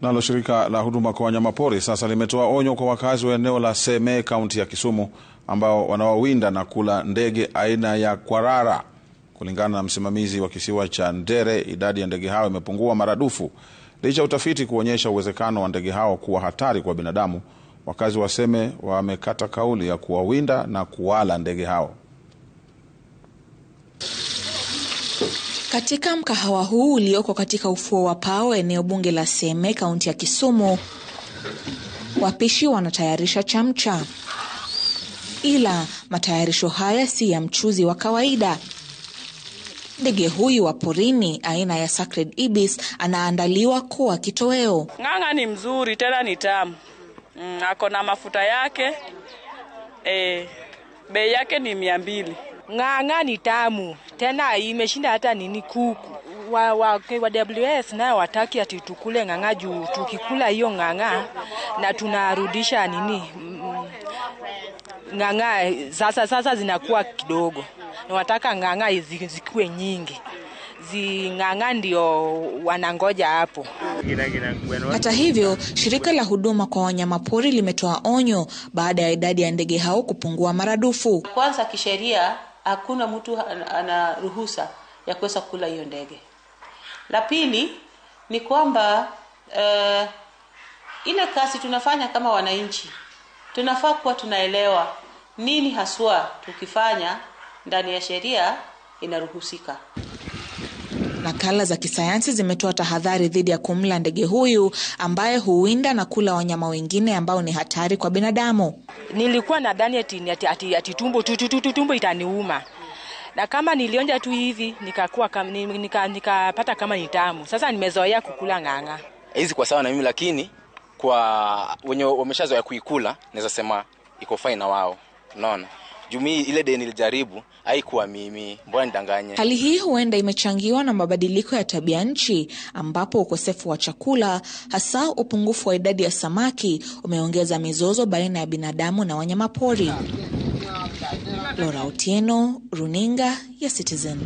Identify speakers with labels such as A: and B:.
A: Nalo shirika la huduma kwa wanyamapori sasa limetoa onyo kwa wakazi wa eneo la Seme, kaunti ya Kisumu, ambao wanawawinda na kula ndege aina ya kwarara. Kulingana na msimamizi wa kisiwa cha Ndere, idadi ya ndege hao imepungua maradufu licha ya utafiti kuonyesha uwezekano wa ndege hao kuwa hatari kwa binadamu. Wakazi wa Seme wamekata kauli ya kuwawinda na kuwala ndege hao.
B: Katika mkahawa huu ulioko katika ufuo wa Pao, eneo bunge la Seme, kaunti ya Kisumu, wapishi wanatayarisha chamcha, ila matayarisho haya si ya mchuzi wa kawaida. Ndege huyu wa porini aina ya Sacred Ibis anaandaliwa kuwa kitoweo.
C: Ng'ang'a ni mzuri tena ni tamu. Mm, ako na mafuta yake. E, bei yake ni mia mbili.
D: Ng'ang'a ni tamu tena, imeshinda hata nini kuku wa, wa, wa WS nayo wataki ati tukule ng'ang'a juu tukikula hiyo ng'ang'a na tunarudisha nini ng'ang'a sasa, sasa zinakuwa kidogo, na wataka ng'ang'a zikuwe nyingi zing'ang'a ndio wanangoja hapo.
B: Hata hivyo, shirika la huduma kwa wanyamapori limetoa onyo baada ya idadi ya ndege hao kupungua maradufu.
E: Kwanza kisheria hakuna mtu ana ruhusa ya kuweza kula hiyo ndege la pili ni kwamba uh, ile kazi tunafanya kama wananchi tunafaa kuwa tunaelewa nini haswa tukifanya ndani ya sheria inaruhusika
B: Nakala za kisayansi zimetoa tahadhari dhidi ya kumla ndege huyu ambaye huwinda na kula wanyama wengine ambao ni hatari kwa binadamu.
D: Nilikuwa nadhani ati, ati, ati, ati tumbo tututu, tumbo itaniuma na kama nilionja tu hivi nikakuwa nikapata nika, nika kama ni tamu. Sasa nimezoea kukula ng'ang'a
F: hizi kwa sawa na mimi, lakini kwa wenye wameshazoea kuikula naweza sema iko fine na wao, unaona jumii ile deni ilijaribu haikuwa mimi, mbona nidanganye?
B: Hali hii huenda imechangiwa na mabadiliko ya tabia nchi, ambapo ukosefu wa chakula, hasa upungufu wa idadi ya samaki, umeongeza mizozo baina ya binadamu na wanyamapori. lora Otieno, runinga ya Citizen.